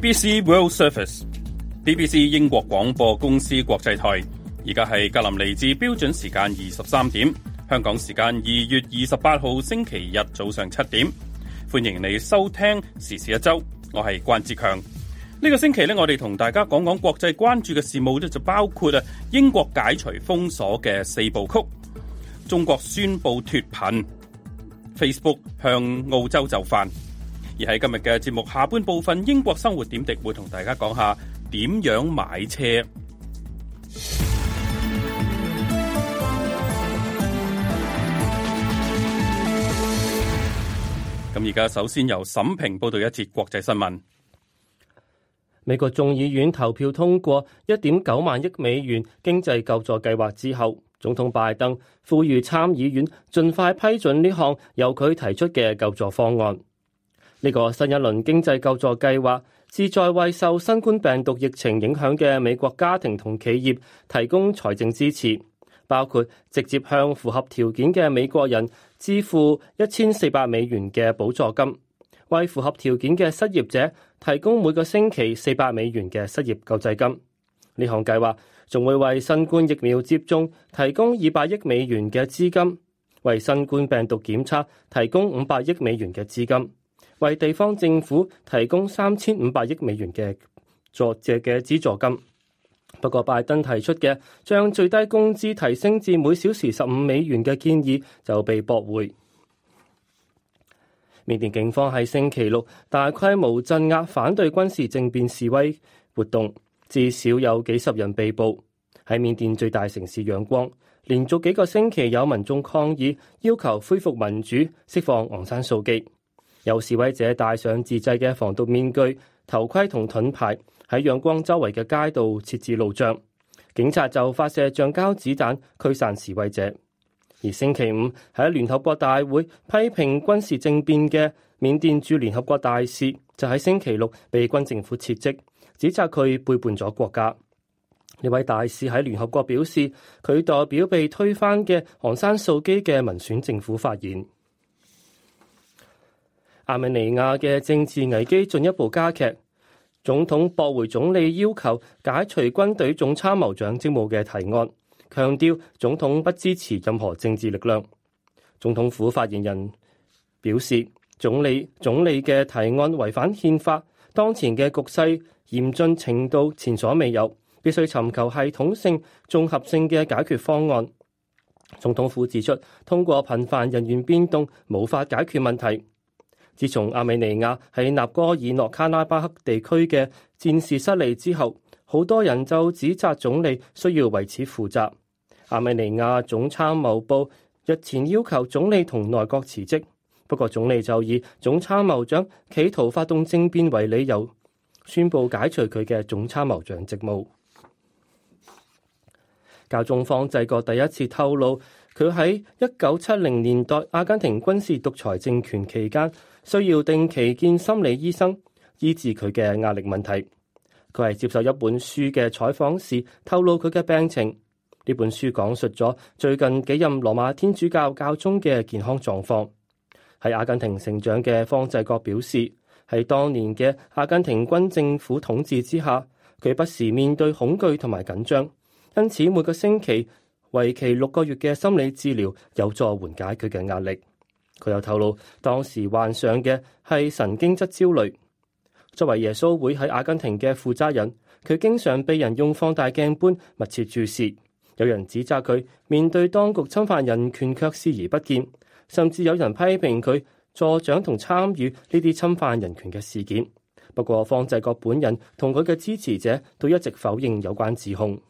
BBC World Service，BBC 英國廣播公司國際台。而家係格林尼治標準時間二十三點，香港時間二月二十八號星期日早上七點。歡迎你收聽時事一周，我係關志強。呢、這個星期咧，我哋同大家講講國際關注嘅事務咧，就包括啊英國解除封鎖嘅四部曲，中國宣布脫貧，Facebook 向澳洲就範。而喺今日嘅節目下半部分，英國生活點滴會同大家講下點樣買車。咁而家首先由沈平報道一節國際新聞。美國眾議院投票通過一點九萬億美元經濟救助計劃之後，總統拜登呼籲參議院儘快批准呢項由佢提出嘅救助方案。呢個新一輪經濟救助計劃旨在為受新冠病毒疫情影響嘅美國家庭同企業提供財政支持，包括直接向符合條件嘅美國人支付一千四百美元嘅補助金，為符合條件嘅失業者提供每個星期四百美元嘅失業救濟金。呢項計劃仲會為新冠疫苗接種提供二百億美元嘅資金，為新冠病毒檢測提供五百億美元嘅資金。為地方政府提供三千五百億美元嘅助借嘅資助金，不過拜登提出嘅將最低工資提升至每小時十五美元嘅建議就被駁回。緬甸警方喺星期六大規模鎮壓反對軍事政變示威活動，至少有幾十人被捕。喺緬甸最大城市仰光，連續幾個星期有民眾抗議，要求恢復民主、釋放昂山素姬。有示威者戴上自製嘅防毒面具、頭盔同盾牌，喺仰光周圍嘅街道設置路障。警察就發射橡膠子彈驅散示威者。而星期五喺聯合國大會批評軍事政變嘅緬甸駐聯合國大使，就喺星期六被軍政府撤職，指責佢背叛咗國家。呢位大使喺聯合國表示，佢代表被推翻嘅昂山素姬嘅民選政府發言。亞美尼亞嘅政治危機進一步加劇，總統駁回總理要求解除軍隊總參謀長職務嘅提案，強調總統不支持任何政治力量。總統府發言人表示，總理總理嘅提案違反憲法，當前嘅局勢嚴峻程度前所未有，必須尋求系統性、綜合性嘅解決方案。總統府指出，通過頻繁人員變動無法解決問題。自從亞美尼亞喺納哥爾諾卡拉巴克地區嘅戰事失利之後，好多人就指責總理需要為此負責。亞美尼亞總參謀部日前要求總理同內閣辭職，不過總理就以總參謀長企圖發動政變為理由，宣布解除佢嘅總參謀長職務。教宗方濟各第一次透露，佢喺一九七零年代阿根廷軍事獨裁政權期間，需要定期見心理醫生，醫治佢嘅壓力問題。佢係接受一本書嘅採訪時透露佢嘅病情。呢本書講述咗最近幾任羅馬天主教教宗嘅健康狀況。喺阿根廷成長嘅方濟各表示，喺當年嘅阿根廷軍政府統治之下，佢不時面對恐懼同埋緊張，因此每個星期，為期六個月嘅心理治療有助緩解佢嘅壓力。佢又透露，當時患上嘅係神經質焦慮。作為耶穌會喺阿根廷嘅負責人，佢經常被人用放大鏡般密切注視。有人指責佢面對當局侵犯人權卻視而不見，甚至有人批評佢助長同參與呢啲侵犯人權嘅事件。不過，方濟各本人同佢嘅支持者都一直否認有關指控。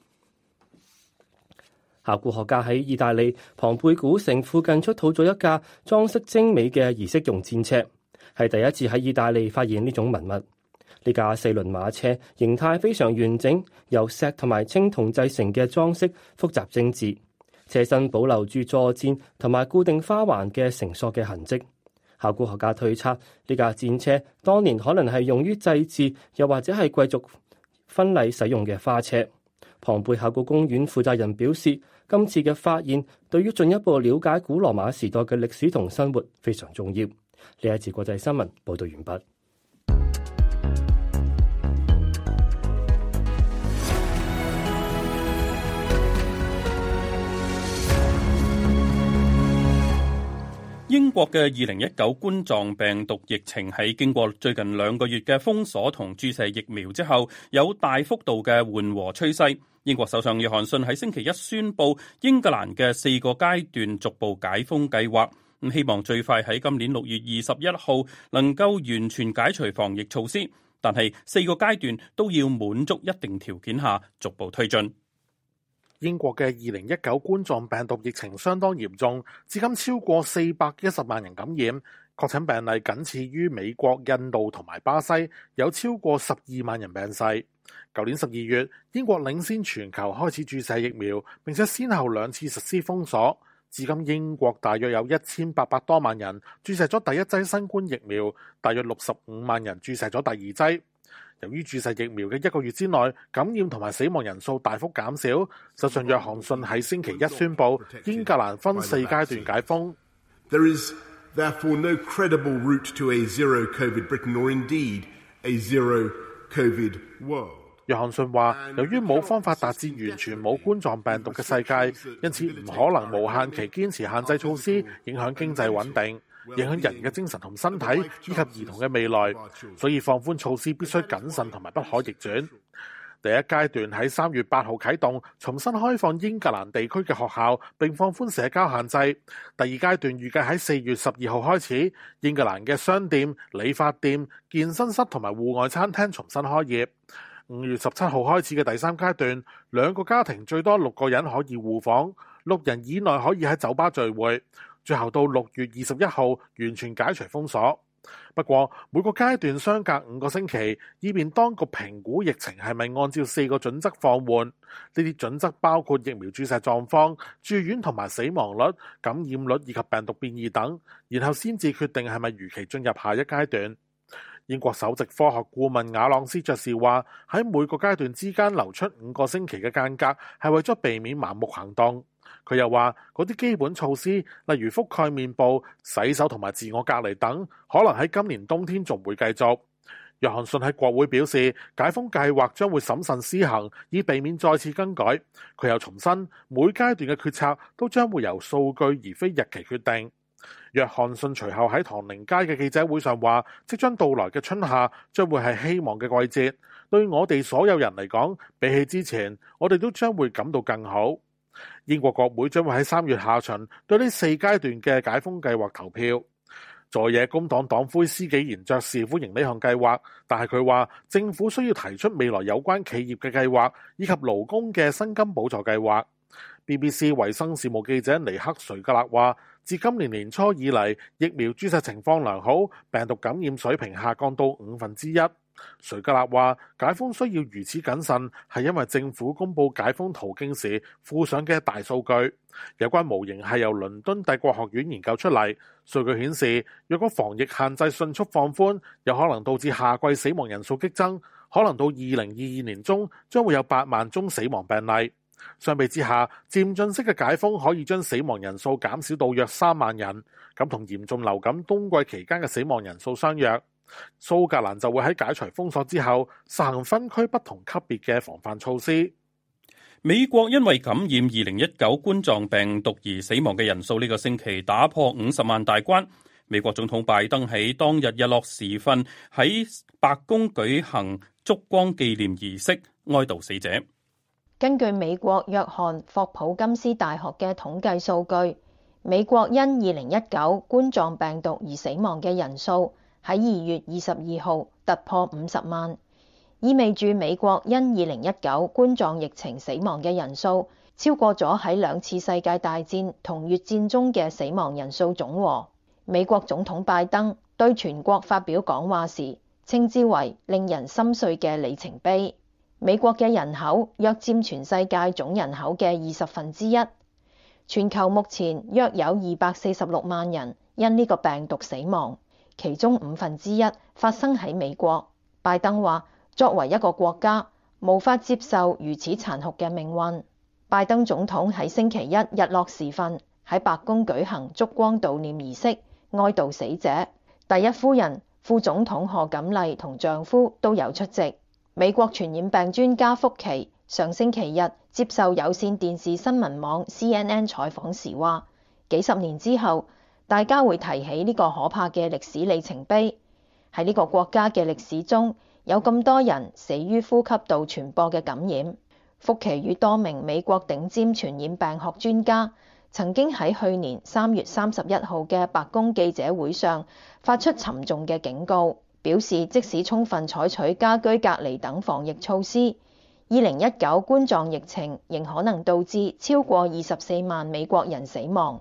考古學家喺意大利龐貝古城附近出土咗一架裝飾精美嘅儀式用戰車，係第一次喺意大利發現呢種文物。呢架四輪馬車形態非常完整，由石同埋青銅製成嘅裝飾複雜精致，車身保留住座墊同埋固定花環嘅繩索嘅痕跡。考古學家推測呢架戰車當年可能係用於祭祀，又或者係貴族婚禮使用嘅花車。龐貝考古公園負責人表示。今次嘅發現對於進一步了解古羅馬時代嘅歷史同生活非常重要。呢一次國際新聞報道完畢。英國嘅二零一九冠狀病毒疫情喺經過最近兩個月嘅封鎖同注射疫苗之後，有大幅度嘅緩和趨勢。英國首相約翰遜喺星期一宣布英格蘭嘅四個階段逐步解封計劃，咁希望最快喺今年六月二十一號能夠完全解除防疫措施，但係四個階段都要滿足一定條件下逐步推進。英國嘅二零一九冠狀病毒疫情相當嚴重，至今超過四百一十萬人感染，確診病例僅次於美國、印度同埋巴西，有超過十二萬人病逝。舊年十二月，英國領先全球開始注射疫苗，並且先後兩次實施封鎖。至今，英國大約有一千八百多萬人注射咗第一劑新冠疫苗，大約六十五萬人注射咗第二劑。由於注射疫苗嘅一個月之內感染同埋死亡人數大幅減少，首相約翰遜喺星期一宣布英格蘭分四階段解封。t 約翰遜話：由於冇方法達至完全冇冠狀病毒嘅世界，因此唔可能無限期堅持限制措施，影響經濟穩定。影響人嘅精神同身體，以及兒童嘅未來，所以放寬措施必須謹慎同埋不可逆轉。第一階段喺三月八號啟動，重新開放英格蘭地區嘅學校，並放寬社交限制。第二階段預計喺四月十二號開始，英格蘭嘅商店、理髮店、健身室同埋戶外餐廳重新開業。五月十七號開始嘅第三階段，兩個家庭最多六個人可以互訪，六人以內可以喺酒吧聚會。最後到六月二十一號完全解除封鎖。不過每個階段相隔五個星期，以便當局評估疫情係咪按照四個準則放緩。呢啲準則包括疫苗注射狀況、住院同埋死亡率、感染率以及病毒變異等，然後先至決定係咪如期進入下一階段。英國首席科學顧問亞朗斯爵士話：喺每個階段之間留出五個星期嘅間隔，係為咗避免盲目行動。佢又話：嗰啲基本措施，例如覆蓋面部、洗手同埋自我隔離等，可能喺今年冬天仲會繼續。約翰遜喺國會表示，解封計劃將會審慎施行，以避免再次更改。佢又重申，每階段嘅決策都將會由數據而非日期決定。約翰遜隨後喺唐寧街嘅記者會上話，即將到來嘅春夏將會係希望嘅季節，對我哋所有人嚟講，比起之前，我哋都將會感到更好。英國國會將會喺三月下旬對呢四階段嘅解封計劃投票。在野工黨黨魁施紀賢爵士歡迎呢項計劃，但係佢話政府需要提出未來有關企業嘅計劃，以及勞工嘅薪金補助計劃。BBC 衛生事務記者尼克瑞格勒話，自今年年初以嚟，疫苗注射情況良好，病毒感染水平下降到五分之一。誰吉納話解封需要如此謹慎，係因為政府公布解封途徑時附上嘅大數據。有關模型係由倫敦帝國學院研究出嚟，數據顯示，若果防疫限制迅速放寬，有可能導致夏季死亡人數激增，可能到二零二二年中將會有八萬宗死亡病例。相比之下，漸進式嘅解封可以將死亡人數減少到約三萬人，咁同嚴重流感冬季期間嘅死亡人數相約。蘇格蘭就會喺解除封鎖之後實行分區不同級別嘅防範措施。美國因為感染二零一九冠狀病毒而死亡嘅人數呢個星期打破五十萬大關。美國總統拜登喺當日日落時分喺白宮舉行燭光紀念儀式，哀悼死者。根據美國約翰霍普金斯大學嘅統計數據，美國因二零一九冠狀病毒而死亡嘅人數。喺二月二十二號突破五十萬，意味住美國因二零一九冠狀疫情死亡嘅人數超過咗喺兩次世界大戰同越戰中嘅死亡人數總和。美國總統拜登對全國發表講話時，稱之為令人心碎嘅里程碑。美國嘅人口約佔全世界總人口嘅二十分之一，全球目前約有二百四十六萬人因呢個病毒死亡。其中五分之一發生喺美國。拜登話：作為一個國家，無法接受如此殘酷嘅命運。拜登總統喺星期一日落時分喺白宮舉行燭光悼念儀式，哀悼死者。第一夫人、副總統賀錦麗同丈夫都有出席。美國傳染病專家福奇上星期日接受有線電視新聞網 CNN 採訪時話：幾十年之後，大家會提起呢個可怕嘅歷史里程碑，喺呢個國家嘅歷史中有咁多人死於呼吸道傳播嘅感染。福奇與多名美國頂尖傳染病學專家曾經喺去年三月三十一號嘅白宮記者會上發出沉重嘅警告，表示即使充分採取家居隔離等防疫措施，二零一九冠狀疫情仍可能導致超過二十四萬美國人死亡。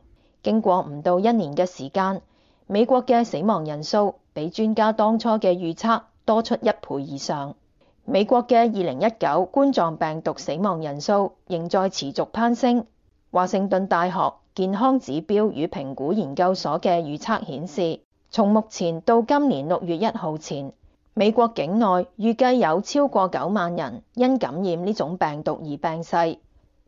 經過唔到一年嘅時間，美國嘅死亡人數比專家當初嘅預測多出一倍以上。美國嘅二零一九冠狀病毒死亡人數仍在持續攀升。華盛頓大學健康指標與評估研究所嘅預測顯示，從目前到今年六月一號前，美國境內預計有超過九萬人因感染呢種病毒而病逝。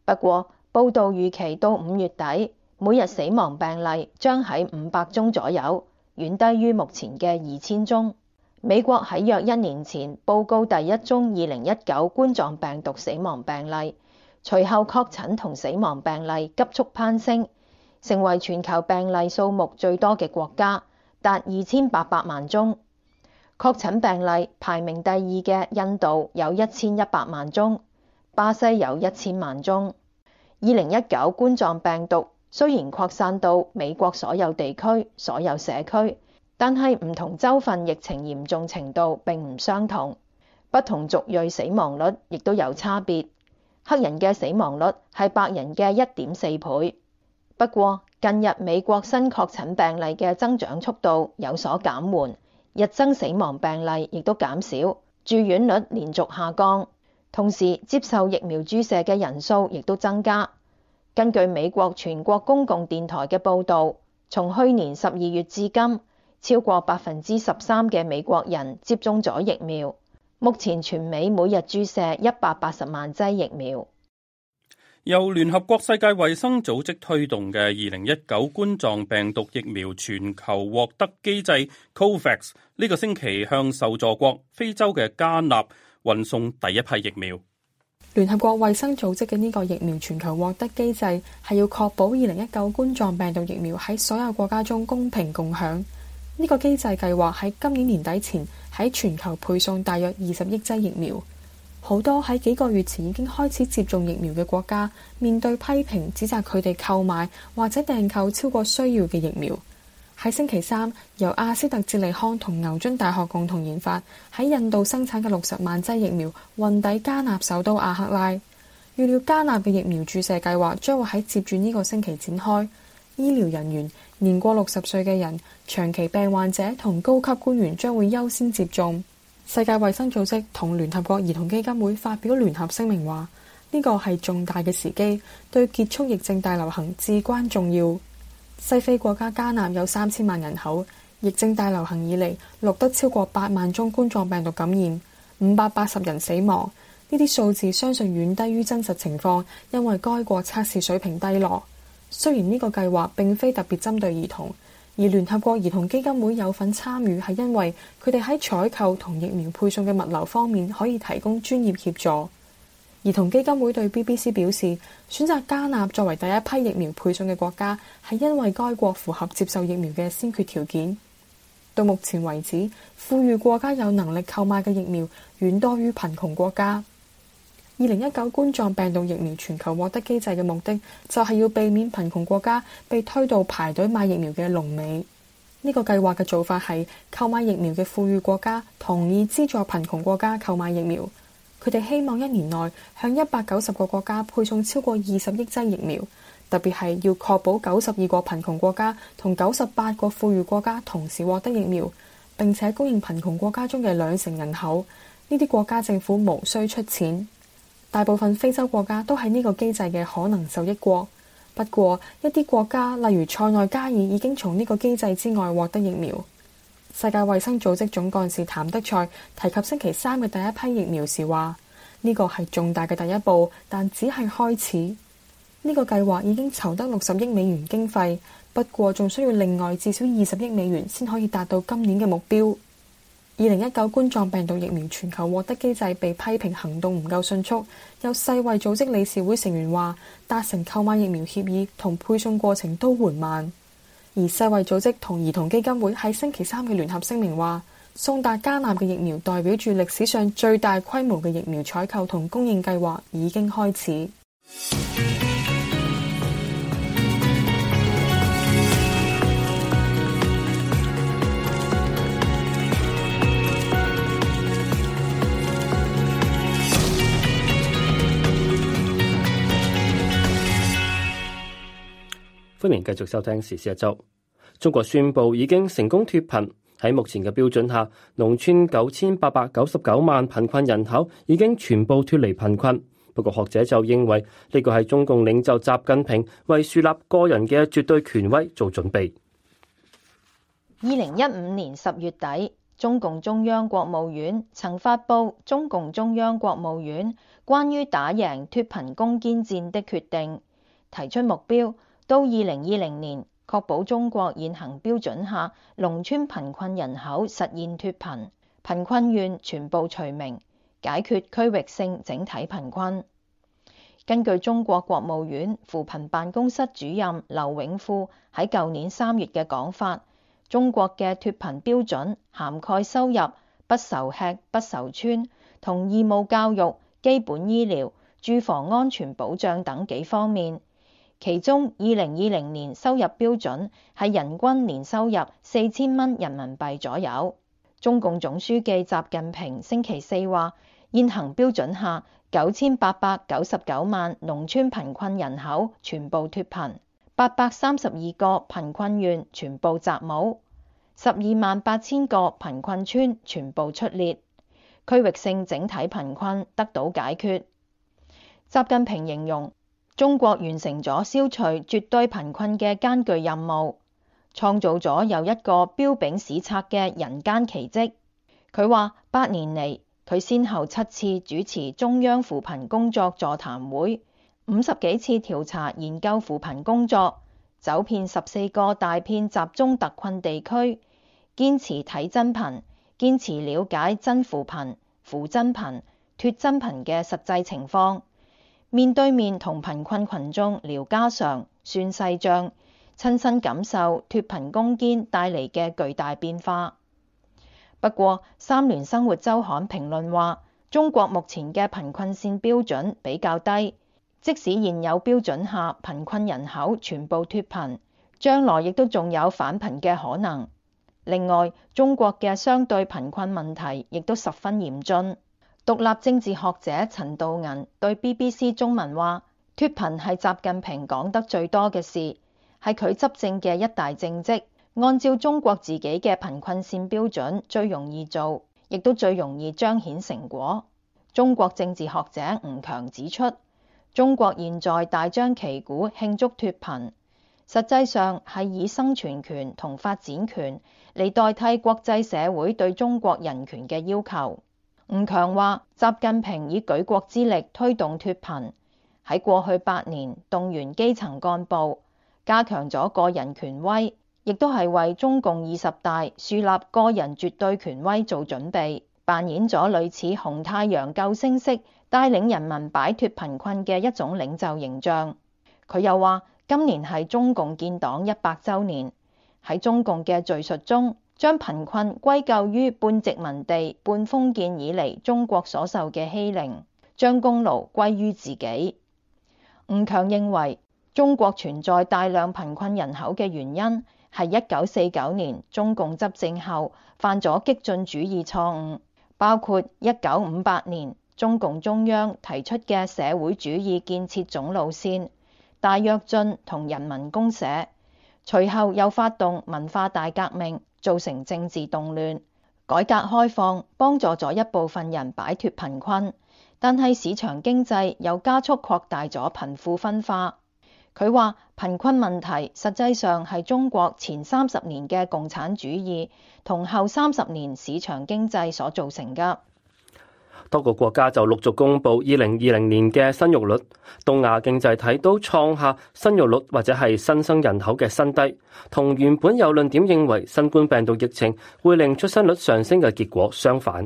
不過，報道預期到五月底。每日死亡病例將喺五百宗左右，遠低於目前嘅二千宗。美國喺約一年前報告第一宗二零一九冠狀病毒死亡病例，隨後確診同死亡病例急速攀升，成為全球病例數目最多嘅國家，達二千八百萬宗。確診病例排名第二嘅印度有一千一百萬宗，巴西有一千萬宗。二零一九冠狀病毒。雖然擴散到美國所有地區、所有社區，但係唔同州份疫情嚴重程度並唔相同，不同族裔死亡率亦都有差別。黑人嘅死亡率係白人嘅一點四倍。不過，近日美國新確診病例嘅增長速度有所減緩，日增死亡病例亦都減少，住院率連續下降，同時接受疫苗注射嘅人數亦都增加。根據美國全國公共電台嘅報導，從去年十二月至今，超過百分之十三嘅美國人接種咗疫苗。目前全美每日注射一百八十萬劑疫苗。由聯合國世界衛生組織推動嘅二零一九冠狀病毒疫苗全球獲得機制 （COVAX），呢個星期向受助國非洲嘅加納運送第一批疫苗。聯合國衛生組織嘅呢個疫苗全球獲得機制係要確保二零一九冠狀病毒疫苗喺所有國家中公平共享。呢個機制計劃喺今年年底前喺全球配送大約二十億劑疫苗。好多喺幾個月前已經開始接種疫苗嘅國家，面對批評指責佢哋購買或者訂購超過需要嘅疫苗。喺星期三，由阿斯特捷利康同牛津大學共同研發，喺印度生產嘅六十萬劑疫苗運抵加納首都阿克拉。預料加納嘅疫苗注射計劃將會喺接住呢個星期展開。醫療人員、年過六十歲嘅人、長期病患者同高級官員將會優先接種。世界衛生組織同聯合國兒童基金會發表聯合聲明話：呢個係重大嘅時機，對結束疫症大流行至關重要。西非國家加納有三千萬人口，疫症大流行以嚟錄得超過八萬宗冠狀病毒感染，五百八十人死亡。呢啲數字相信遠低於真實情況，因為該國測試水平低落。雖然呢個計劃並非特別針對兒童，而聯合國兒童基金會有份參與，係因為佢哋喺採購同疫苗配送嘅物流方面可以提供專業協助。兒童基金會對 BBC 表示，選擇加納作為第一批疫苗配送嘅國家，係因為該國符合接受疫苗嘅先決條件。到目前為止，富裕國家有能力購買嘅疫苗遠多於貧窮國家。二零一九冠狀病毒疫苗全球獲得機制嘅目的，就係、是、要避免貧窮國家被推到排隊買疫苗嘅龍尾。呢、這個計劃嘅做法係，購買疫苗嘅富裕國家同意資助貧窮國家購買疫苗。佢哋希望一年內向一百九十個國家配送超過二十億劑疫苗，特別係要確保九十二個貧窮國家同九十八個富裕國家同時獲得疫苗，並且供應貧窮國家中嘅兩成人口。呢啲國家政府無需出錢。大部分非洲國家都係呢個機制嘅可能受益國，不過一啲國家，例如塞內加爾，已經從呢個機制之外獲得疫苗。世界衛生組織總幹事譚德賽提及星期三嘅第一批疫苗時話：呢個係重大嘅第一步，但只係開始。呢個計劃已經籌得六十億美元經費，不過仲需要另外至少二十億美元先可以達到今年嘅目標。二零一九冠狀病毒疫苗全球獲得機制被批評行動唔夠迅速。有世衛組織理事會成員話：達成購買疫苗協議同配送過程都緩慢。而世衛組織同兒童基金會喺星期三嘅聯合聲明話，送達加納嘅疫苗代表住歷史上最大規模嘅疫苗採購同供應計劃已經開始。歡迎繼續收聽時事一周。中國宣布已經成功脫貧，喺目前嘅標準下，農村九千八百九十九萬貧困人口已經全部脫離貧困。不過學者就認為呢個係中共領袖習近平為樹立個人嘅絕對權威做準備。二零一五年十月底，中共中央國務院曾發布《中共中央國務院關於打贏脫貧攻堅戰的決定》，提出目標。到二零二零年，確保中國現行標準下，農村貧困人口實現脫貧，貧困縣全部除名，解決區域性整體貧困。根據中國國務院扶貧辦公室主任劉永富喺舊年三月嘅講法，中國嘅脫貧標準涵蓋收入、不愁吃不愁穿，同義務教育、基本醫療、住房安全保障等幾方面。其中，二零二零年收入標準係人均年收入四千蚊人民幣左右。中共總書記習近平星期四話，現行標準下，九千八百九十九萬農村貧困人口全部脫貧，八百三十二個貧困縣全部摘帽，十二萬八千個貧困村全部出列，區域性整體貧困得到解決。習近平形容。中國完成咗消除絕對貧困嘅艱巨任務，創造咗又一個彪炳史冊嘅人間奇跡。佢話八年嚟，佢先後七次主持中央扶貧工作座談會，五十幾次調查研究扶貧工作，走遍十四個大片集中特困地區，堅持睇真貧，堅持了解真扶貧、扶真貧、脫真貧嘅實際情況。面對面同貧困群眾聊家常、算細賬，親身感受脫貧攻堅帶嚟嘅巨大變化。不過，三聯生活周刊評論話，中國目前嘅貧困線標準比較低，即使現有標準下貧困人口全部脫貧，將來亦都仲有返貧嘅可能。另外，中國嘅相對貧困問題亦都十分嚴峻。獨立政治學者陳道銀對 BBC 中文話：脫貧係習近平講得最多嘅事，係佢執政嘅一大政績。按照中國自己嘅貧困線標準，最容易做，亦都最容易彰顯成果。中國政治學者吳強指出：中國現在大張旗鼓慶祝脫貧，實際上係以生存權同發展權嚟代替國際社會對中國人權嘅要求。吳強話：習近平以舉國之力推動脱貧，喺過去八年動員基層幹部，加強咗個人權威，亦都係為中共二十大樹立個人絕對權威做準備，扮演咗類似紅太陽救星式帶領人民擺脱貧困嘅一種領袖形象。佢又話：今年係中共建黨一百周年，喺中共嘅敘述中。將貧困歸咎於半殖民地半封建以來中國所受嘅欺凌，將功勞歸於自己。吳強認為，中國存在大量貧困人口嘅原因係一九四九年中共執政後犯咗激進主義錯誤，包括一九五八年中共中央提出嘅社會主義建設總路線、大躍進同人民公社，隨後又發動文化大革命。造成政治動亂，改革開放幫助咗一部分人擺脫貧困，但係市場經濟又加速擴大咗貧富分化。佢話，貧困問題實際上係中國前三十年嘅共產主義同後三十年市場經濟所造成㗎。多個國家就陸續公佈二零二零年嘅生育率，東亞經濟體都創下生育率或者係新生人口嘅新低，同原本有論點認為新冠病毒疫情會令出生率上升嘅結果相反。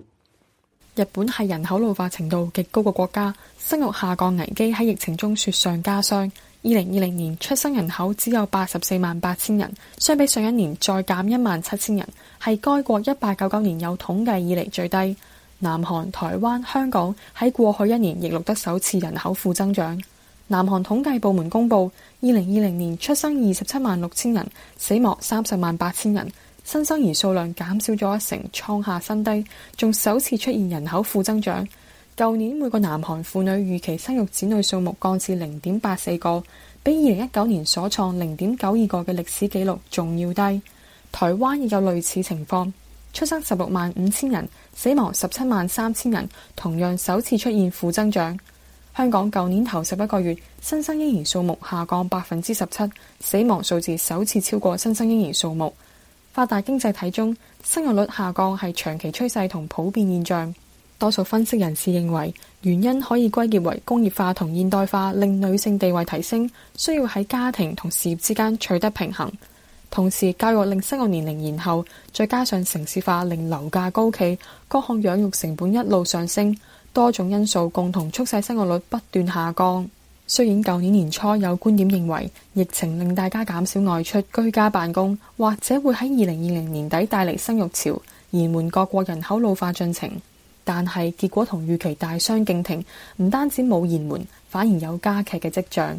日本係人口老化程度極高嘅國家，生育下降危機喺疫情中雪上加霜。二零二零年出生人口只有八十四萬八千人，相比上一年再減一萬七千人，係該國一八九九年有統計以嚟最低。南韓、台灣、香港喺過去一年亦錄得首次人口負增長。南韓統計部門公布，二零二零年出生二十七萬六千人，死亡三十萬八千人，新生兒數量減少咗一成，創下新低，仲首次出現人口負增長。舊年每個南韓婦女預期生育子女數目降至零點八四個，比二零一九年所創零點九二個嘅歷史紀錄仲要低。台灣亦有類似情況。出生十六萬五千人，死亡十七萬三千人，同樣首次出現負增長。香港舊年頭十一個月，新生嬰兒數目下降百分之十七，死亡數字首次超過新生嬰兒數目。發達經濟體中，生育率下降係長期趨勢同普遍現象，多數分析人士認為，原因可以歸結為工業化同現代化令女性地位提升，需要喺家庭同事業之間取得平衡。同時教育令生育年齡延後，再加上城市化令樓價高企，各項養育成本一路上升，多種因素共同促使生育率不斷下降。雖然舊年年初有觀點認為疫情令大家減少外出，居家辦公，或者會喺二零二零年底帶嚟生育潮，延緩各國人口老化進程，但係結果同預期大相徑庭，唔單止冇延緩，反而有加劇嘅跡象。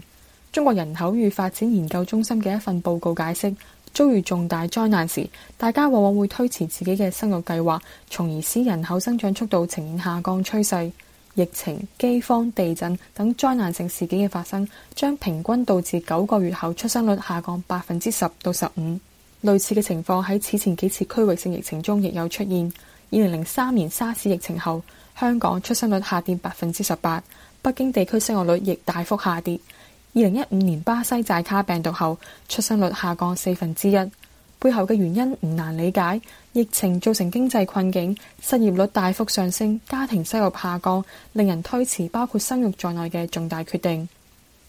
中國人口與發展研究中心嘅一份報告解釋。遭遇重大災難時，大家往往會推遲自己嘅生育計劃，從而使人口增長速度呈現下降趨勢。疫情、饑荒、地震等災難性事件嘅發生，將平均導致九個月後出生率下降百分之十到十五。類似嘅情況喺此前幾次區域性疫情中亦有出現。二零零三年沙士疫情後，香港出生率下跌百分之十八，北京地區生育率亦大幅下跌。二零一五年巴西寨卡病毒後，出生率下降四分之一，背後嘅原因唔難理解。疫情造成經濟困境，失業率大幅上升，家庭收入下降，令人推遲包括生育在內嘅重大決定。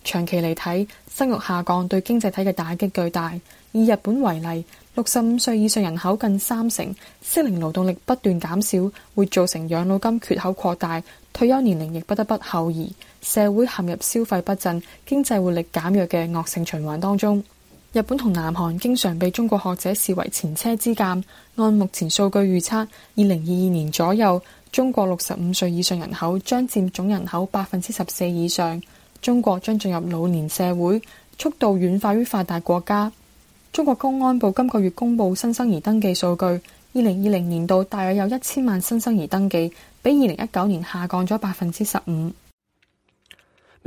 長期嚟睇，生育下降對經濟體嘅打擊巨大。以日本為例，六十五歲以上人口近三成，適齡勞動力不斷減少，會造成養老金缺口擴大，退休年齡亦不得不後移。社會陷入消費不振、經濟活力減弱嘅惡性循環當中。日本同南韓經常被中國學者視為前車之鑑。按目前數據預測，二零二二年左右，中國六十五歲以上人口將佔總人口百分之十四以上，中國將進入老年社會，速度遠快於發達國家。中國公安部今個月公布新生兒登記數據，二零二零年度大約有一千萬新生兒登記，比二零一九年下降咗百分之十五。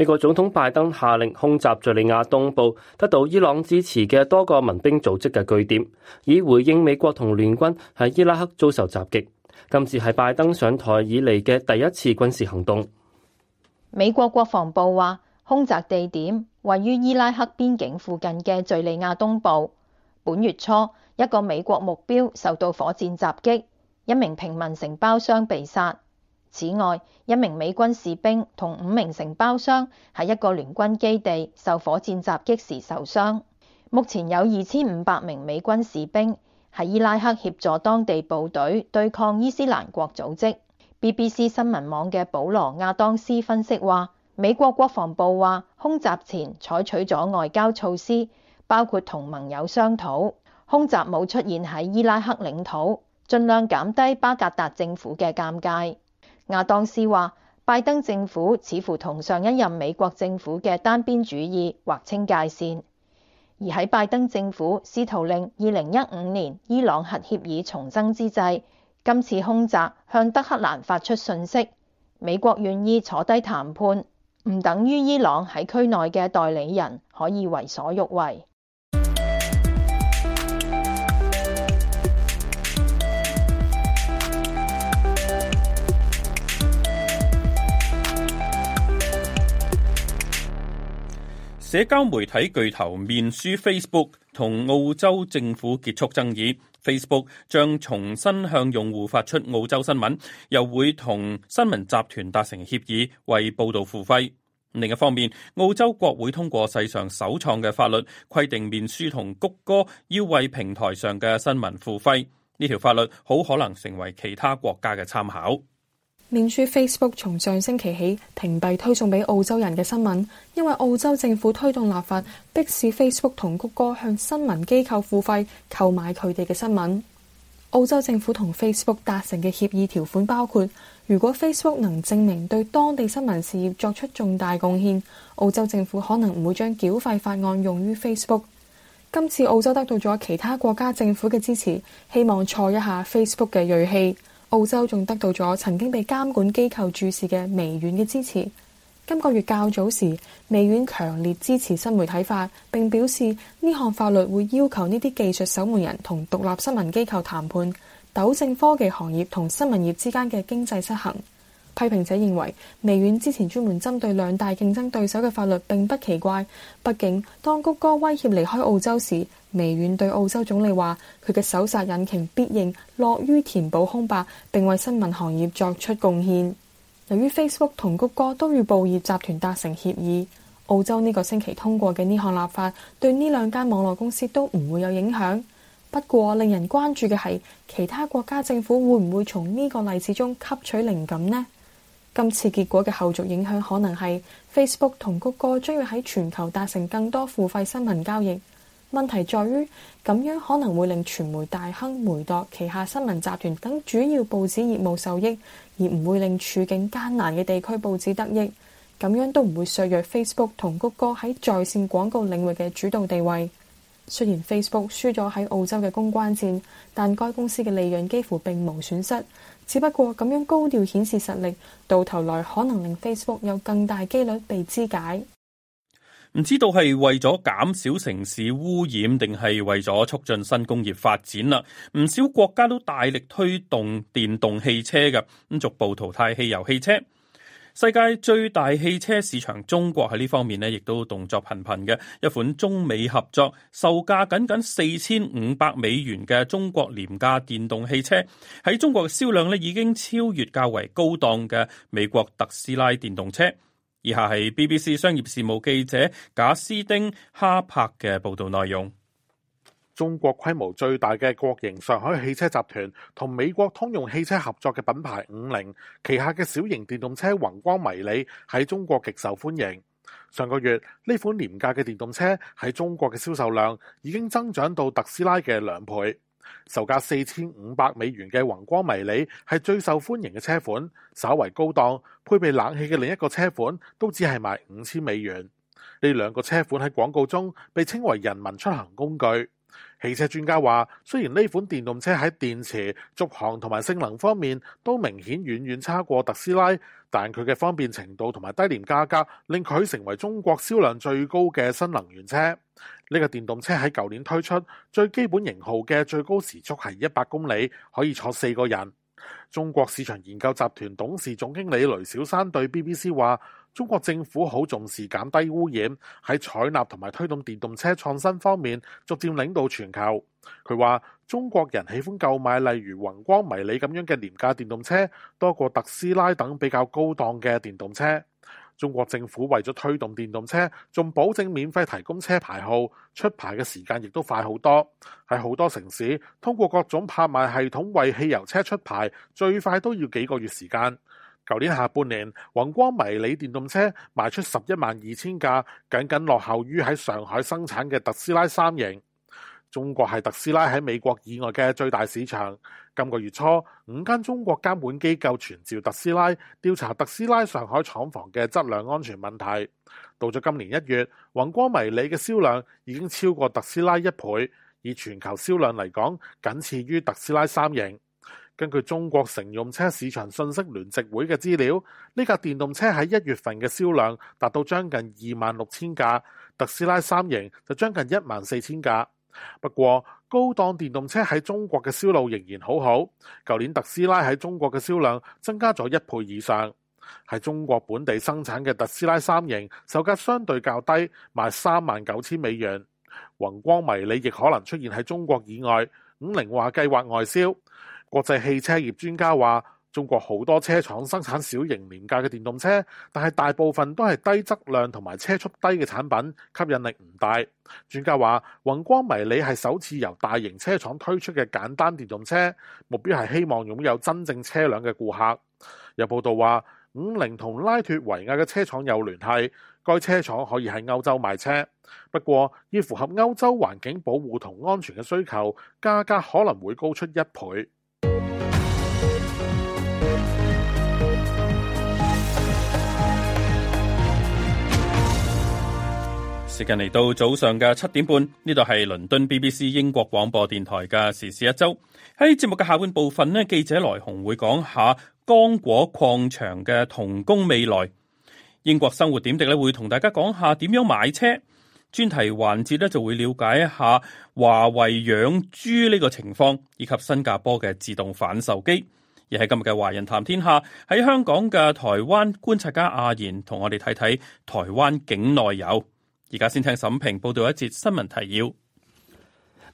美國總統拜登下令空襲敘利亞東部，得到伊朗支持嘅多個民兵組織嘅據點，以回應美國同聯軍喺伊拉克遭受襲擊。今次係拜登上台以嚟嘅第一次軍事行動。美國國防部話，空襲地點位於伊拉克邊境附近嘅敘利亞東部。本月初，一個美國目標受到火箭襲擊，一名平民承包商被殺。此外，一名美軍士兵同五名承包商喺一個聯軍基地受火箭襲擊時受傷。目前有二千五百名美軍士兵喺伊拉克協助當地部隊對抗伊斯蘭國組織。BBC 新聞網嘅保羅亞當斯分析話，美國國防部話空襲前採取咗外交措施，包括同盟友商討，空襲冇出現喺伊拉克領土，盡量減低巴格達政府嘅尷尬。亞當斯話：拜登政府似乎同上一任美國政府嘅單邊主義劃清界線，而喺拜登政府試圖令二零一五年伊朗核協議重增之際，今次空襲向德黑蘭發出訊息：美國願意坐低談判，唔等於伊朗喺區內嘅代理人可以為所欲為。社交媒體巨頭面書 Facebook 同澳洲政府結束爭議，Facebook 將重新向用戶發出澳洲新聞，又會同新聞集團達成協議為報道付費。另一方面，澳洲國會通過世上首創嘅法律，規定面書同谷歌要為平台上嘅新聞付費。呢條法律好可能成為其他國家嘅參考。面書 Facebook 從上星期起屏蔽推送俾澳洲人嘅新聞，因為澳洲政府推動立法，迫使 Facebook 同谷歌向新聞機構付費購買佢哋嘅新聞。澳洲政府同 Facebook 達成嘅協議條款包括，如果 Facebook 能證明對當地新聞事業作出重大貢獻，澳洲政府可能唔會將繳費法案用於 Facebook。今次澳洲得到咗其他國家政府嘅支持，希望挫一下 Facebook 嘅銳氣。澳洲仲得到咗曾經被監管機構注視嘅微軟嘅支持。今個月較早時，微軟強烈支持新媒體法，並表示呢項法律會要求呢啲技術守門人同獨立新聞機構談判，糾正科技行業同新聞業之間嘅經濟失衡。批評者認為，微軟之前專門針對兩大競爭對手嘅法律並不奇怪，畢竟當谷歌威脅離開澳洲時。微軟對澳洲總理話：佢嘅搜索引擎必應樂於填補空白，並為新聞行業作出貢獻。由於 Facebook 同谷歌都與報業集團達成協議，澳洲呢個星期通過嘅呢項立法對呢兩間網絡公司都唔會有影響。不過，令人關注嘅係其他國家政府會唔會從呢個例子中吸取靈感呢？今次結果嘅後續影響可能係 Facebook 同谷歌將要喺全球達成更多付費新聞交易。問題在於咁樣可能會令傳媒大亨梅鐸旗下新聞集團等主要報紙業務受益，而唔會令處境艱難嘅地區報紙得益。咁樣都唔會削弱 Facebook 同谷歌喺在，在線廣告領域嘅主導地位。雖然 Facebook 輸咗喺澳洲嘅公關戰，但該公司嘅利潤幾乎並無損失。只不過咁樣高調顯示實力，到頭來可能令 Facebook 有更大機率被肢解。唔知道係為咗減少城市污染，定係為咗促進新工業發展啦？唔少國家都大力推動電動汽車嘅，咁逐步淘汰汽油汽車。世界最大汽車市場中國喺呢方面咧，亦都動作頻頻嘅。一款中美合作、售價僅僅四千五百美元嘅中國廉價電動汽車，喺中國嘅銷量咧已經超越較為高檔嘅美國特斯拉電動車。以下係 BBC 商業事務記者賈斯丁哈柏嘅報道內容。中國規模最大嘅國營上海汽車集團同美國通用汽車合作嘅品牌五菱旗下嘅小型電動車宏光迷你喺中國極受歡迎。上個月呢款廉價嘅電動車喺中國嘅銷售量已經增長到特斯拉嘅兩倍。售價四千五百美元嘅宏光迷你係最受歡迎嘅車款，稍為高檔，配備冷氣嘅另一個車款都只係賣五千美元。呢兩個車款喺廣告中被稱為人民出行工具。汽車專家話，雖然呢款電動車喺電池、續航同埋性能方面都明顯遠遠差過特斯拉，但佢嘅方便程度同埋低廉價格令佢成為中國銷量最高嘅新能源車。呢個電動車喺舊年推出，最基本型號嘅最高時速係一百公里，可以坐四個人。中國市場研究集團董事總經理雷小山對 BBC 話，中國政府好重視減低污染，喺採納同埋推動電動車創新方面，逐漸領導全球。佢話：中國人喜歡購買例如宏光迷你咁樣嘅廉價電動車，多過特斯拉等比較高檔嘅電動車。中國政府為咗推動電動車，仲保證免費提供車牌號，出牌嘅時間亦都快好多。喺好多城市，通過各種拍賣系統為汽油車出牌，最快都要幾個月時間。舊年下半年，宏光迷你電動車賣出十一萬二千架，僅僅落後於喺上海生產嘅特斯拉三型。中國係特斯拉喺美國以外嘅最大市場。今個月初，五間中國監管機構傳召特斯拉調查特斯拉上海廠房嘅質量安全問題。到咗今年一月，宏光迷你嘅銷量已經超過特斯拉一倍，以全球銷量嚟講，僅次於特斯拉三型。根據中國乘用車市場信息聯席會嘅資料，呢架電動車喺一月份嘅銷量達到將近二萬六千架，特斯拉三型就將近一萬四千架。不過，高檔電動車喺中國嘅銷路仍然好好。舊年特斯拉喺中國嘅銷量增加咗一倍以上。喺中國本地生產嘅特斯拉三型，售價相對較低，賣三萬九千美元。宏光迷你亦可能出現喺中國以外。五菱話計劃外銷。國際汽車業專家話。中國好多車廠生產小型廉價嘅電動車，但係大部分都係低質量同埋車速低嘅產品，吸引力唔大。專家話，宏光迷你係首次由大型車廠推出嘅簡單電動車，目標係希望擁有真正車輛嘅顧客。有報道話，五菱同拉脱維亞嘅車廠有聯繫，該車廠可以喺歐洲賣車，不過要符合歐洲環境保護同安全嘅需求，價格可能會高出一倍。接近嚟到早上嘅七點半，呢度係倫敦 BBC 英國廣播電台嘅時事一周。喺節目嘅下半部分呢，記者來鴻會講下剛果礦場嘅童工未來。英國生活點滴咧會同大家講下點樣買車。專題環節咧就會了解一下華為養豬呢個情況，以及新加坡嘅自動販售機。而喺今日嘅華人談天下，喺香港嘅台灣觀察家阿賢同我哋睇睇台灣境內遊。而家先聽沈平報道一節新聞提要。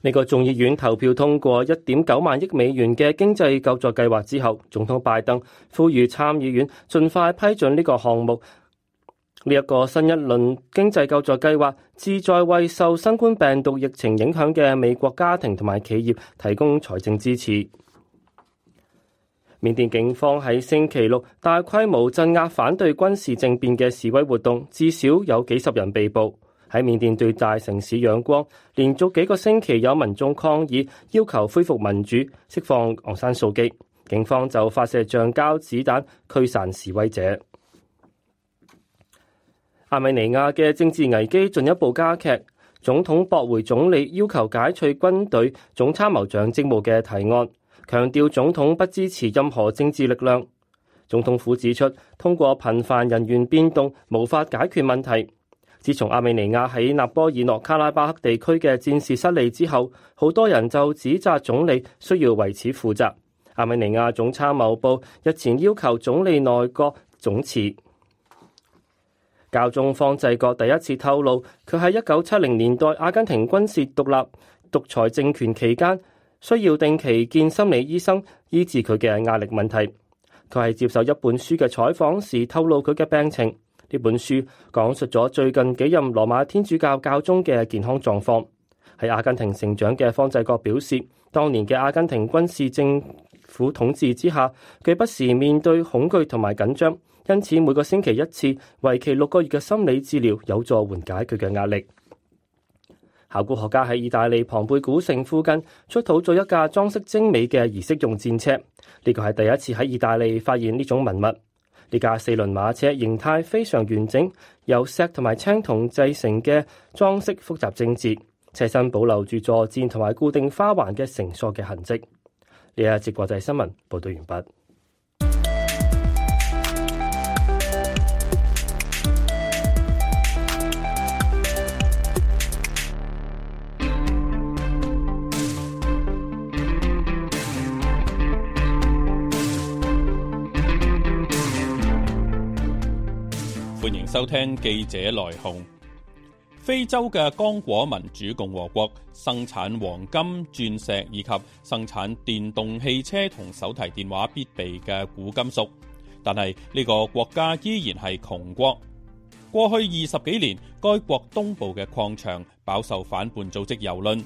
美國眾議院投票通過一點九萬億美元嘅經濟救助計劃之後，總統拜登呼籲參議院盡快批准呢個項目，呢、這、一個新一輪經濟救助計劃，旨在為受新冠病毒疫情影響嘅美國家庭同埋企業提供財政支持。緬甸警方喺星期六大規模鎮壓反對軍事政變嘅示威活動，至少有幾十人被捕。喺緬甸對大城市仰光，連續幾個星期有民眾抗議，要求恢復民主，釋放昂山素姬，警方就發射橡膠子彈驅散示威者。亞美尼亞嘅政治危機進一步加劇，總統駁回總理要求解除軍隊總參謀長職務嘅提案，強調總統不支持任何政治力量。總統府指出，通過頻繁人員變動，無法解決問題。自從阿美尼亞喺納波爾諾卡拉巴克地區嘅戰事失利之後，好多人就指責總理需要為此負責。阿美尼亞總參謀部日前要求總理內閣總辭。教宗方濟各第一次透露，佢喺一九七零年代阿根廷軍事獨立獨裁政權期間，需要定期見心理醫生醫治佢嘅壓力問題。佢係接受一本書嘅採訪時透露佢嘅病情。呢本書講述咗最近幾任羅馬天主教教宗嘅健康狀況。喺阿根廷成長嘅方濟各表示，當年嘅阿根廷軍事政府統治之下，佢不時面對恐懼同埋緊張，因此每個星期一次，為期六個月嘅心理治療有助緩解佢嘅壓力。考古學家喺意大利龐貝古城附近出土咗一架裝飾精美嘅儀式用戰車，呢個係第一次喺意大利發現呢種文物。呢架四輪馬車形態非常完整，由石同埋青銅製成嘅裝飾複雜精緻，車身保留住坐墊同埋固定花環嘅繩索嘅痕跡。呢一節國際新聞報道完畢。歡迎收聽記者來鴻。非洲嘅剛果民主共和國生產黃金、鑽石以及生產電動汽車同手提電話必備嘅鈷金屬，但係呢個國家依然係窮國。過去二十幾年，該國東部嘅礦場飽受反叛組織蹂躪，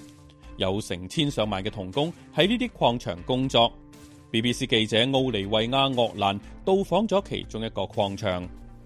有成千上萬嘅童工喺呢啲礦場工作。BBC 記者奧利維亞·惡蘭到訪咗其中一個礦場。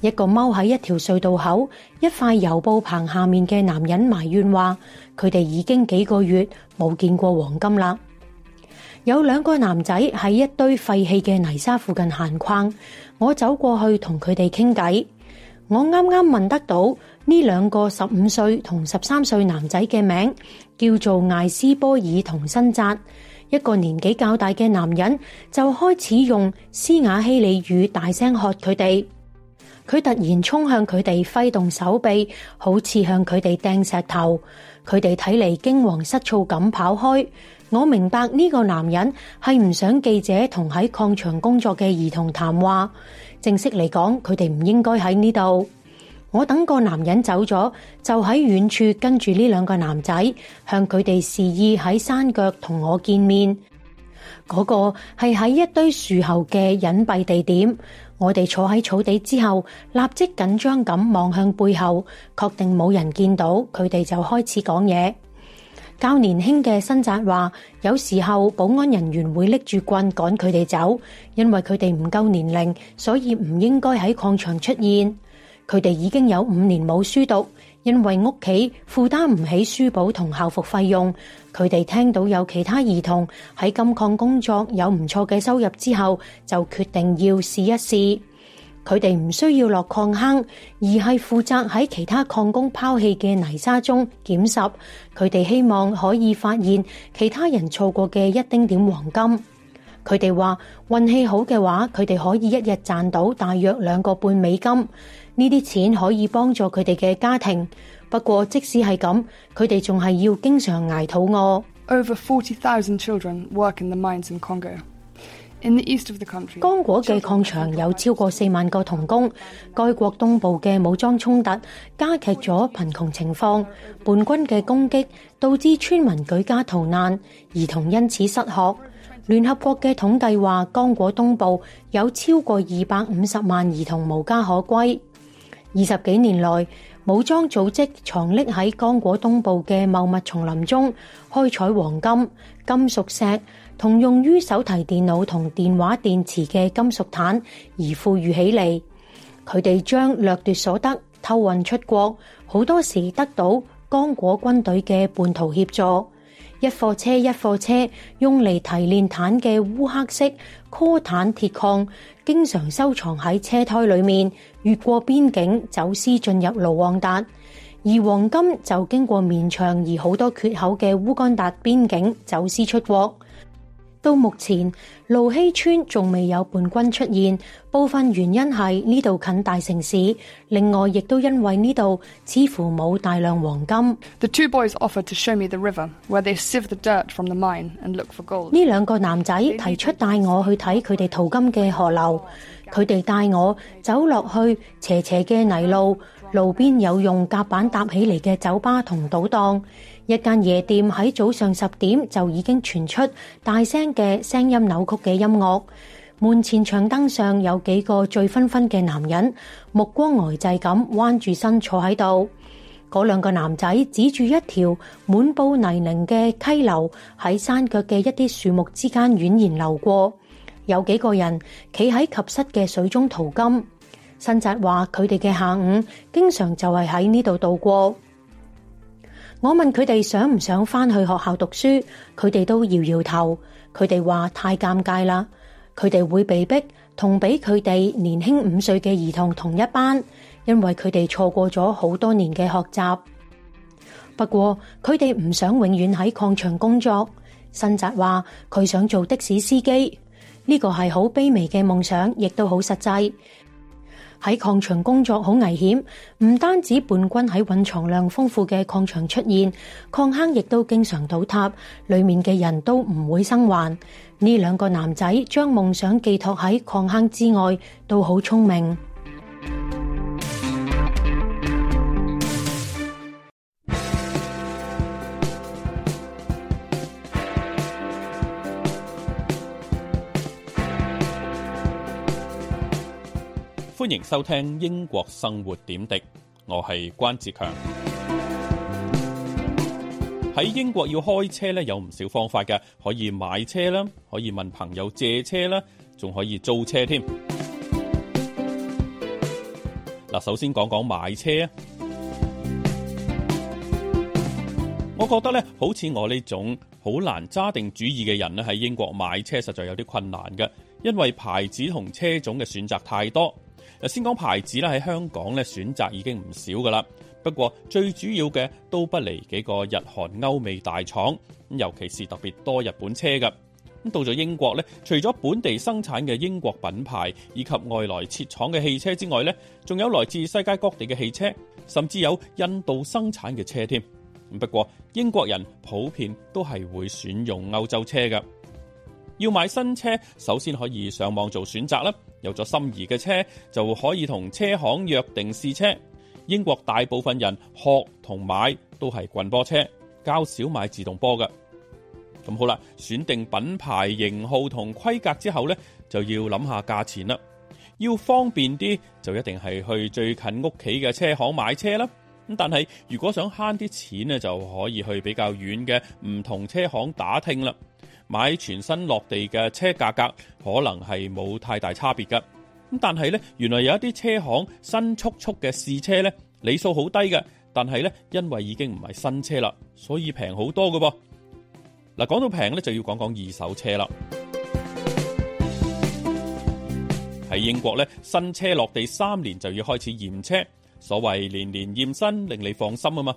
一個踎喺一條隧道口，一塊油布棚下面嘅男人埋怨話：佢哋已經幾個月冇見過黃金啦。有兩個男仔喺一堆廢棄嘅泥沙附近閒逛。我走過去同佢哋傾偈。我啱啱問得到呢兩個十五歲同十三歲男仔嘅名，叫做艾斯波爾同辛澤。一個年紀較大嘅男人就開始用斯瓦希里語大聲喝佢哋。佢突然衝向佢哋揮動手臂，好似向佢哋掟石頭。佢哋睇嚟驚惶失措咁跑開。我明白呢個男人係唔想記者同喺礦場工作嘅兒童談話。正式嚟講，佢哋唔應該喺呢度。我等個男人走咗，就喺遠處跟住呢兩個男仔，向佢哋示意喺山腳同我見面。嗰個係喺一堆樹後嘅隱蔽地點。我哋坐喺草地之後，立即緊張咁望向背後，確定冇人見到佢哋，就開始講嘢。較年輕嘅新澤話，有時候保安人員會拎住棍趕佢哋走，因為佢哋唔夠年齡，所以唔應該喺礦場出現。佢哋已經有五年冇書讀。因為屋企負擔唔起書簿同校服費用，佢哋聽到有其他兒童喺金礦工作有唔錯嘅收入之後，就決定要試一試。佢哋唔需要落礦坑，而係負責喺其他礦工拋棄嘅泥沙中撿拾。佢哋希望可以發現其他人錯過嘅一丁點黃金。佢哋話，運氣好嘅話，佢哋可以一日賺到大約兩個半美金。呢啲錢可以幫助佢哋嘅家庭，不過即使係咁，佢哋仲係要經常挨肚餓。Over forty thousand children work in the mines in Congo in the east of the country。剛果嘅礦場有超過四萬個童工，該國東部嘅武裝衝突加劇咗貧窮情況，叛軍嘅攻擊導致村民舉家逃難，兒童因此失學。聯合國嘅統計話，剛果東部有超過二百五十萬兒童無家可歸。二十幾年來，武裝組織藏匿喺剛果東部嘅茂密叢林中，開採黃金、金屬石同用於手提電腦同電話電池嘅金屬鉭，而富裕起嚟。佢哋將掠奪所得偷運出國，好多時得到剛果軍隊嘅叛徒協助。一貨車一貨車用嚟提煉鉭嘅烏黑色鈳鉭鐵礦，經常收藏喺車胎裏面，越過邊境走私進入盧旺達；而黃金就經過綿長而好多缺口嘅烏干達邊境走私出國。到目前，路希村仲未有叛軍出現。部分原因係呢度近大城市，另外亦都因為呢度似乎冇大量黃金。The two boys offered to show me the river where they sift the dirt from the mine and look for gold. 呢兩個男仔提出帶我去睇佢哋淘金嘅河流，佢哋帶我走落去斜斜嘅泥路，路邊有用夾板搭起嚟嘅酒吧同賭檔。一間夜店喺早上十點就已經傳出大聲嘅聲音、扭曲嘅音樂，門前牆燈上有幾個醉醺醺嘅男人，目光呆滯咁彎住身坐喺度。嗰兩個男仔指住一條滿布泥濘嘅溪流，喺山腳嘅一啲樹木之間蜿蜒流過，有幾個人企喺及膝嘅水中淘金。新澤話佢哋嘅下午經常就係喺呢度度過。我問佢哋想唔想翻去學校讀書，佢哋都搖搖頭。佢哋話太尷尬啦，佢哋會被逼同比佢哋年輕五歲嘅兒童同一班，因為佢哋錯過咗好多年嘅學習。不過佢哋唔想永遠喺礦場工作。新澤話佢想做的士司機，呢個係好卑微嘅夢想，亦都好實際。喺礦場工作好危險，唔單止叛軍喺蘊藏量豐富嘅礦場出現，礦坑亦都經常倒塌，裏面嘅人都唔會生還。呢兩個男仔將夢想寄託喺礦坑之外，都好聰明。歡迎收聽英國生活點滴，我係關志強。喺英國要開車咧，有唔少方法嘅，可以買車啦，可以問朋友借車啦，仲可以租車添。嗱，首先講講買車啊。我覺得咧，好似我呢種好難揸定主意嘅人咧，喺英國買車實在有啲困難嘅，因為牌子同車種嘅選擇太多。先講牌子啦，喺香港咧，選擇已經唔少㗎喇。不過最主要嘅都不離幾個日韓歐美大廠，尤其是特別多日本車㗎。咁到咗英國咧，除咗本地生產嘅英國品牌以及外來設廠嘅汽車之外咧，仲有來自世界各地嘅汽車，甚至有印度生產嘅車添。不過英國人普遍都係會選用歐洲車㗎。要買新車，首先可以上網做選擇啦。有咗心儀嘅車，就可以同車行約定試車。英國大部分人學同買都係棍波車，較少買自動波㗎。咁好啦，選定品牌型號同規格之後呢，就要諗下價錢啦。要方便啲，就一定係去最近屋企嘅車行買車啦。咁但係如果想慳啲錢呢，就可以去比較遠嘅唔同車行打聽啦。買全新落地嘅車價格可能係冇太大差別噶咁但係呢，原來有一啲車行新速速嘅試車呢，里數好低嘅，但係呢，因為已經唔係新車啦，所以平好多噶噃。嗱，講到平呢，就要講講二手車啦。喺英國呢，新車落地三年就要開始驗車，所謂年年驗身，令你放心啊嘛。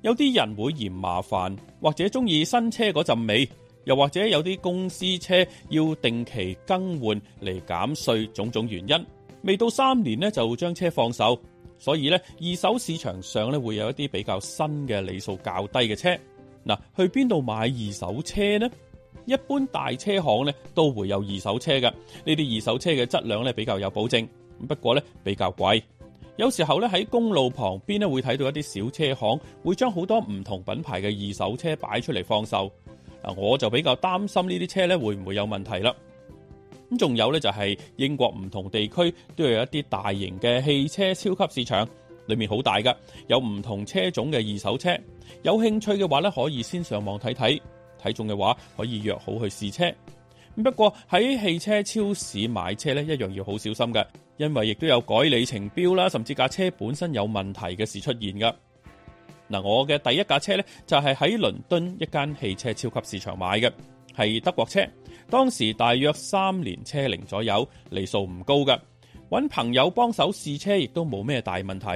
有啲人會嫌麻煩，或者中意新車嗰陣味。又或者有啲公司車要定期更換嚟減稅，種種原因未到三年呢就將車放售，所以呢，二手市場上咧會有一啲比較新嘅里數較低嘅車。嗱，去邊度買二手車呢？一般大車行呢都會有二手車嘅呢啲二手車嘅質量呢比較有保證，不過呢比較貴。有時候呢，喺公路旁邊咧會睇到一啲小車行會將好多唔同品牌嘅二手車擺出嚟放售。啊，我就比較擔心呢啲車咧會唔會有問題啦。咁仲有呢，就係英國唔同地區都有一啲大型嘅汽車超級市場，裡面好大㗎，有唔同車種嘅二手車。有興趣嘅話呢，可以先上網睇睇，睇中嘅話可以約好去試車。不過喺汽車超市買車呢一樣要好小心嘅，因為亦都有改里程表啦，甚至架車本身有問題嘅事出現㗎。嗱，我嘅第一架車咧，就係喺倫敦一間汽車超級市場買嘅，係德國車，當時大約三年車齡左右，里數唔高㗎。揾朋友幫手試車，亦都冇咩大問題。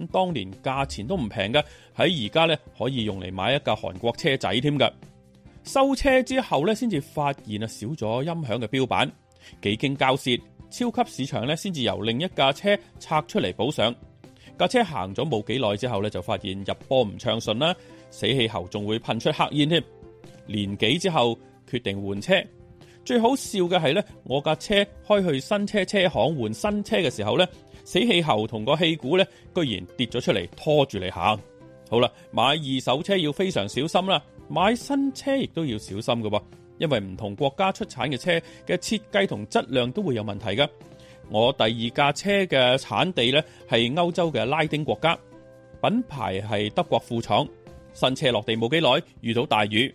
咁當年價錢都唔平㗎，喺而家咧可以用嚟買一架韓國車仔添㗎。收車之後咧，先至發現啊，少咗音響嘅標板，幾經交涉，超級市場咧先至由另一架車拆出嚟補上。架車行咗冇幾耐之後咧，就發現入波唔暢順啦，死氣喉仲會噴出黑煙添。年幾之後決定換車，最好笑嘅係呢，我架車開去新車車行換新車嘅時候呢，死氣喉同個氣鼓呢居然跌咗出嚟拖住嚟行。好啦，買二手車要非常小心啦，買新車亦都要小心噶噃，因為唔同國家出產嘅車嘅設計同質量都會有問題噶。我第二架車嘅產地呢係歐洲嘅拉丁國家，品牌係德國副廠。新車落地冇幾耐，遇到大雨，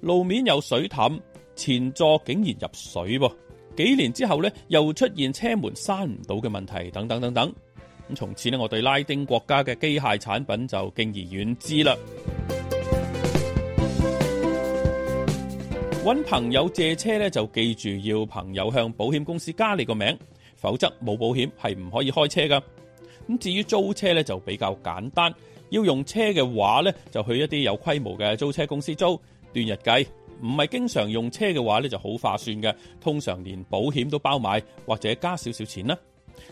路面有水氹，前座竟然入水噃。幾年之後呢，又出現車門閂唔到嘅問題，等等等等。咁從此呢，我對拉丁國家嘅機械產品就敬而遠之啦。揾朋友借車呢，就記住要朋友向保險公司加你個名。否則冇保險係唔可以開車噶。咁至於租車呢，就比較簡單。要用車嘅話呢，就去一啲有規模嘅租車公司租段日計。唔係經常用車嘅話呢，就好划算嘅。通常連保險都包埋，或者加少少錢啦。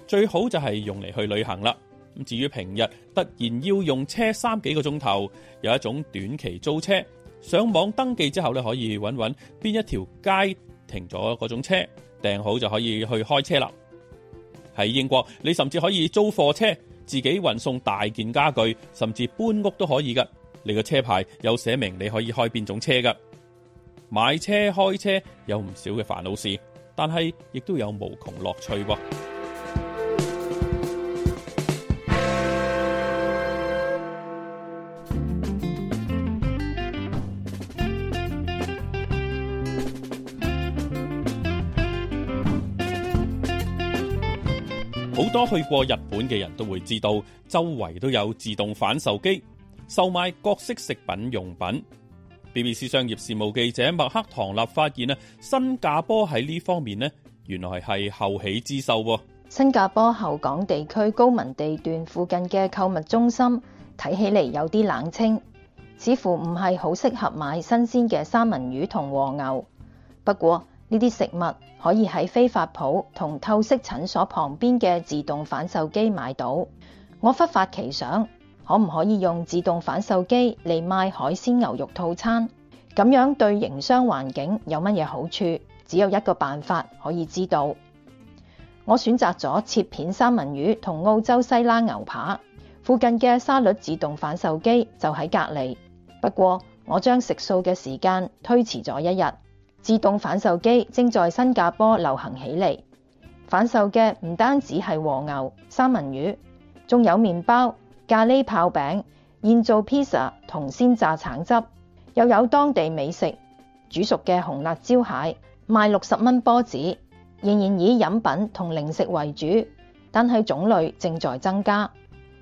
最好就係用嚟去旅行啦。咁至於平日突然要用車三幾個鐘頭，有一種短期租車，上網登記之後呢，可以揾揾邊一條街停咗嗰種車，訂好就可以去開車啦。喺英國，你甚至可以租貨車，自己運送大件家具，甚至搬屋都可以噶。你個車牌有寫明你可以開邊種車噶。買車開車有唔少嘅煩惱事，但係亦都有無窮樂趣噃。多去過日本嘅人都會知道，周圍都有自動販售機售賣各式食品用品。BBC 商業事務記者麥克唐納發現呢，新加坡喺呢方面呢，原來係後起之秀。新加坡後港地區高文地段附近嘅購物中心，睇起嚟有啲冷清，似乎唔係好適合買新鮮嘅三文魚同和，和牛。不過，呢啲食物可以喺非法舖同透析診所旁邊嘅自動販售機買到。我忽發奇想，可唔可以用自動販售機嚟賣海鮮牛肉套餐？咁樣對營商環境有乜嘢好處？只有一個辦法可以知道。我選擇咗切片三文魚同澳洲西冷牛扒，附近嘅沙律自動販售機就喺隔籬。不過我將食素嘅時間推遲咗一日。自動販售機正在新加坡流行起嚟，販售嘅唔單止係和牛、三文魚，仲有麵包、咖喱泡餅、現做披薩同鮮榨橙汁，又有當地美食煮熟嘅紅辣椒蟹賣六十蚊波子。仍然以飲品同零食為主，但係種類正在增加。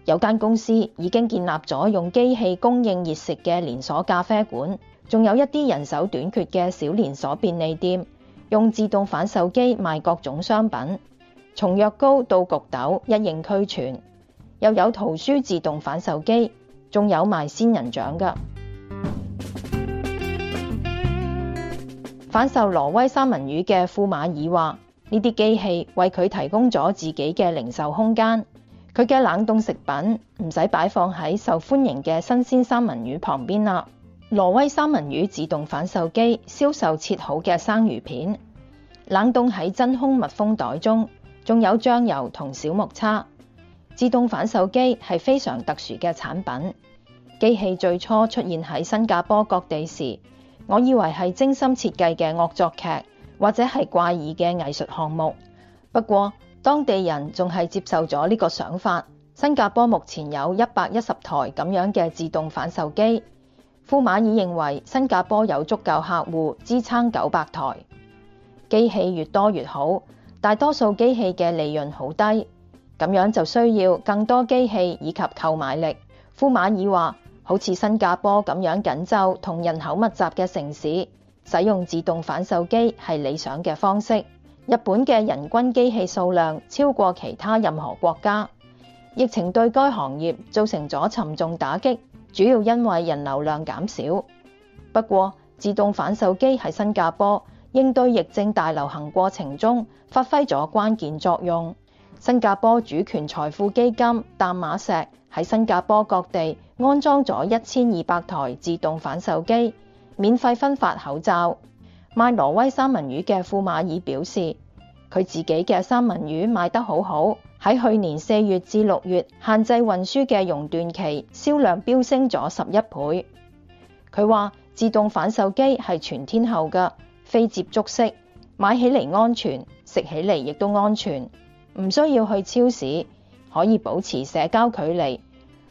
有間公司已經建立咗用機器供應熱食嘅連鎖咖啡館。仲有一啲人手短缺嘅小連鎖便利店，用自動販售機賣各種商品，從藥膏到焗豆一應俱全，又有圖書自動販售機，仲有賣仙人掌㗎。 販售挪威三文魚嘅富馬爾話：呢啲機器為佢提供咗自己嘅零售空間，佢嘅冷凍食品唔使擺放喺受歡迎嘅新鮮三文魚旁邊啦。挪威三文魚自動販售機銷售切好嘅生魚片，冷凍喺真空密封袋中，仲有醬油同小木叉。自動販售機係非常特殊嘅產品。機器最初出現喺新加坡各地時，我以為係精心設計嘅惡作劇，或者係怪異嘅藝術項目。不過當地人仲係接受咗呢個想法。新加坡目前有一百一十台咁樣嘅自動販售機。呼馬爾認為新加坡有足夠客戶支撐九百台。機器越多越好。大多數機器嘅利潤好低，咁樣就需要更多機器以及購買力。呼馬爾話，好似新加坡咁樣緊湊同人口密集嘅城市，使用自動販售機，係理想嘅方式。日本嘅人均機器數量超過其他任何國家。疫情對該行業造成咗沉重打擊。主要因為人流量減少。不過，自動販售機喺新加坡應對疫症大流行過程中發揮咗關鍵作用。新加坡主權財富基金淡馬錫喺新加坡各地安裝咗一千二百台自動販售機，免費分發口罩。賣挪威三文魚嘅庫馬爾表示，佢自己嘅三文魚賣得好好。喺去年四月至六月限制運輸嘅熔斷期，銷量飆升咗十一倍。佢話自動販售機係全天候嘅、非接觸式，買起嚟安全，食起嚟亦都安全，唔需要去超市，可以保持社交距離，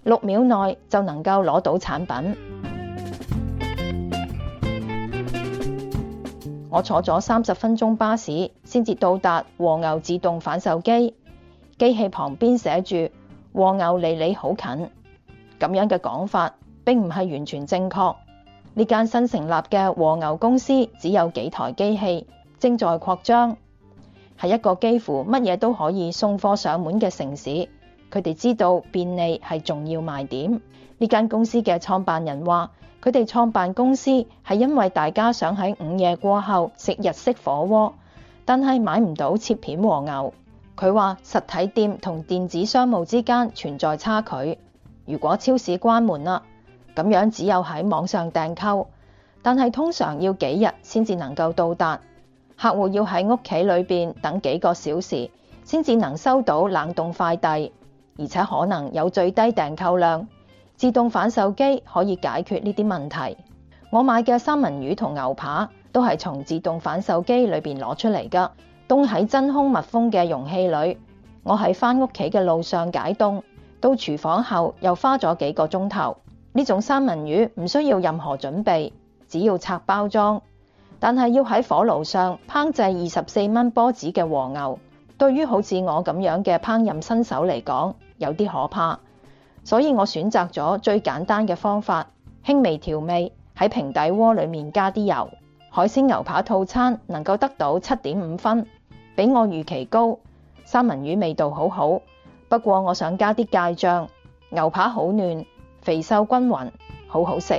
六秒內就能夠攞到產品。我坐咗三十分鐘巴士，先至到達和牛自動販售機。機器旁邊寫住和牛離你好近，咁樣嘅講法並唔係完全正確。呢間新成立嘅和牛公司只有幾台機器，正在擴張，係一個幾乎乜嘢都可以送貨上門嘅城市。佢哋知道便利係重要賣點。呢間公司嘅創辦人話，佢哋創辦公司係因為大家想喺午夜過後食日式火鍋，但係買唔到切片和牛。佢話：實體店同電子商務之間存在差距。如果超市關門啦，咁樣只有喺網上訂購，但係通常要幾日先至能夠到達。客戶要喺屋企裏邊等幾個小時先至能收到冷凍快遞，而且可能有最低訂購量。自動販售機可以解決呢啲問題。我買嘅三文魚同牛扒都係從自動販售機裏邊攞出嚟㗎。凍喺真空密封嘅容器裏，我喺返屋企嘅路上解凍，到廚房後又花咗幾個鐘頭。呢種三文魚唔需要任何準備，只要拆包裝，但係要喺火爐上烹製二十四蚊波子嘅和牛，對於好似我咁樣嘅烹飪新手嚟講，有啲可怕。所以我選擇咗最簡單嘅方法，輕微調味，喺平底鍋裏面加啲油。海鮮牛扒套餐能夠得到七點五分。比我預期高，三文魚味道好好，不過我想加啲芥醬。牛扒好嫩，肥瘦均勻，好好食。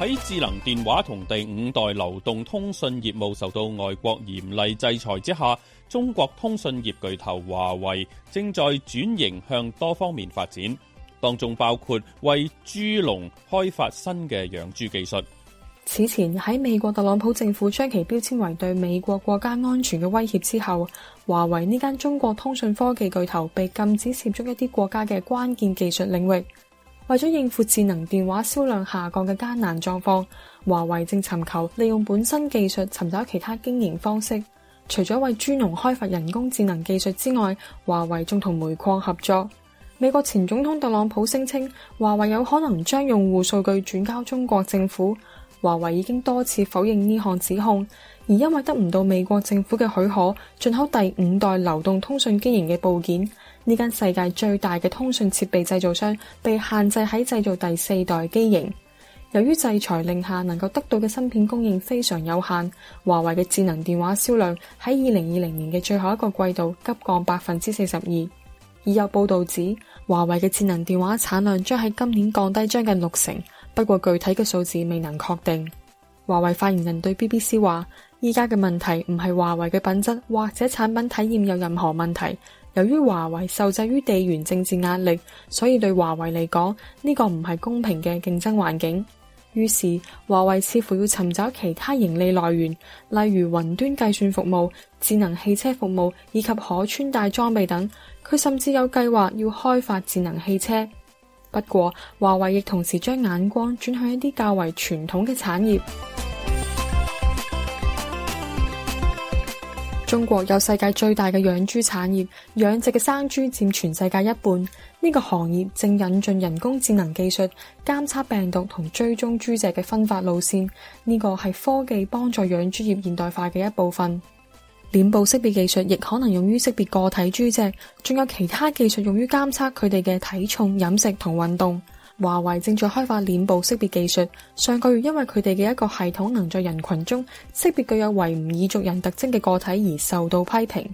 喺智能電話同第五代流動通訊業務受到外國嚴厲制裁之下，中國通訊業巨頭華為正在轉型向多方面發展，當中包括為豬農開發新嘅養豬技術。此前喺美國特朗普政府將其標籤為對美國國家安全嘅威脅之後，華為呢間中國通訊科技巨頭被禁止涉足一啲國家嘅關鍵技術領域。為咗應付智能電話銷量下降嘅艱難狀況，華為正尋求利用本身技術尋找其他經營方式。除咗為豬農開發人工智能技術之外，華為仲同煤礦合作。美國前總統特朗普聲稱華為有可能將用戶數據轉交中國政府，華為已經多次否認呢項指控。而因為得唔到美國政府嘅許可，進口第五代流動通訊經營嘅部件。呢間世界最大嘅通訊設備製造商被限制喺製造第四代機型，由於制裁令下能夠得到嘅芯片供應非常有限，華為嘅智能電話銷量喺二零二零年嘅最後一個季度急降百分之四十二。已有報道指，華為嘅智能電話產量將喺今年降低將近六成，不過具體嘅數字未能確定。華為發言人對 BBC 話，依家嘅問題唔係華為嘅品質或者產品體驗有任何問題。由於華為受制於地緣政治壓力，所以對華為嚟講，呢個唔係公平嘅競爭環境。於是華為似乎要尋找其他盈利來源，例如雲端計算服務、智能汽車服務以及可穿戴裝備等。佢甚至有計劃要開發智能汽車。不過華為亦同時將眼光轉向一啲較為傳統嘅產業。中國有世界最大嘅養豬產業，養殖嘅生豬佔全世界一半。呢個行業正引進人工智能技術，監測病毒同追蹤豬隻嘅分發路綫。呢個係科技幫助養豬業現代化嘅一部分。臉部識別技術亦可能用於識別個體豬隻，仲有其他技術用於監測佢哋嘅體重、飲食同運動。華為正在開發臉部識別技術。上個月，因為佢哋嘅一個系統能在人群中識別具有維吾爾族人特徵嘅個體而受到批評。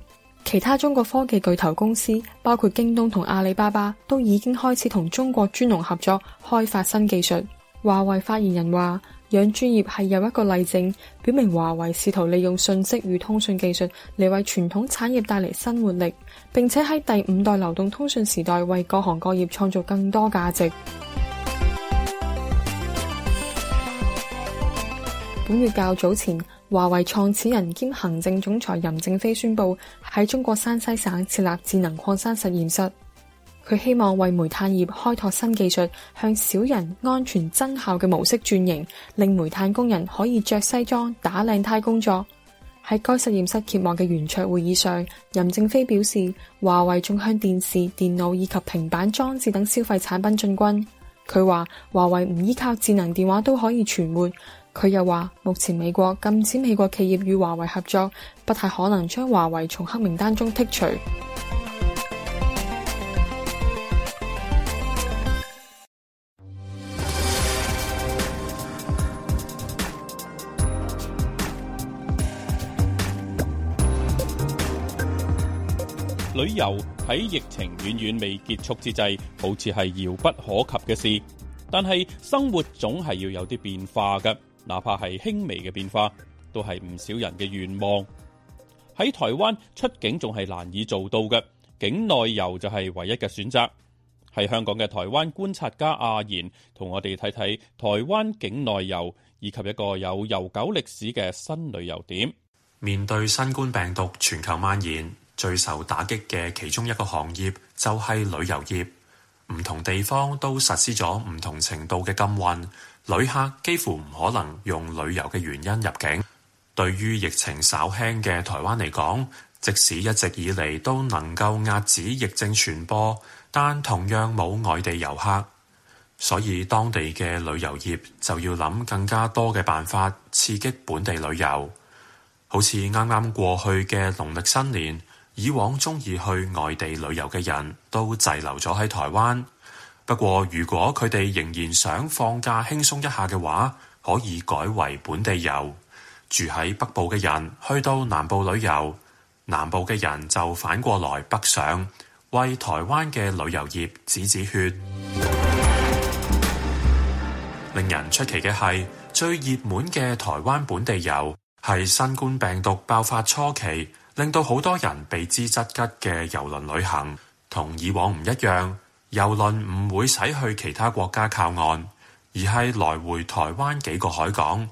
其他中國科技巨頭公司，包括京東同阿里巴巴，都已經開始同中國豬農合作開發新技術。華為發言人話：養豬業係有一個例證，表明華為試圖利用信息與通訊技術嚟為傳統產業帶嚟新活力，並且喺第五代流動通訊時代為各行各業創造更多價值。 本月較早前，華為創始人兼行政總裁任正非宣佈喺中國山西省設立智能礦山實驗室。佢希望為煤炭業開拓新技術，向少人、安全、增效嘅模式轉型，令煤炭工人可以着西裝打領呔工作。喺該實驗室揭幕嘅圓桌會議上，任正非表示，華為仲向電視、電腦以及平板裝置等消費產品進軍。佢話華為唔依靠智能電話都可以存活。佢又話，目前美國禁止美國企業與華為合作，不太可能將華為從黑名單中剔除。旅遊喺疫情遠遠未結束之際，好似係遙不可及嘅事。但係生活總係要有啲變化㗎，哪怕係輕微嘅變化，都係唔少人嘅願望。喺台灣出境仲係難以做到嘅，境內遊就係唯一嘅選擇。係香港嘅台灣觀察家阿賢同我哋睇睇，台灣境內遊以及一個有悠久歷史嘅新旅遊點。面對新冠病毒全球蔓延，最受打擊嘅其中一個行業就係旅遊業，唔同地方都實施咗唔同程度嘅禁運，旅客幾乎唔可能用旅遊嘅原因入境。對於疫情稍輕嘅台灣嚟講，即使一直以嚟都能夠壓止疫症傳播，但同樣冇外地遊客，所以當地嘅旅遊業就要諗更加多嘅辦法刺激本地旅遊，好似啱啱過去嘅農曆新年。以往鍾意去外地旅遊嘅人都滯留咗喺台灣。不過，如果佢哋仍然想放假輕鬆一下嘅話，可以改為本地遊。住喺北部嘅人去到南部旅遊，南部嘅人就反過來北上，為台灣嘅旅遊業止止血。 令人出奇嘅係，最熱門嘅台灣本地遊，係新冠病毒爆發初期。令到好多人避之則吉嘅遊輪旅行同以往唔一樣，遊輪唔會駛去其他國家靠岸，而係來回台灣幾個海港，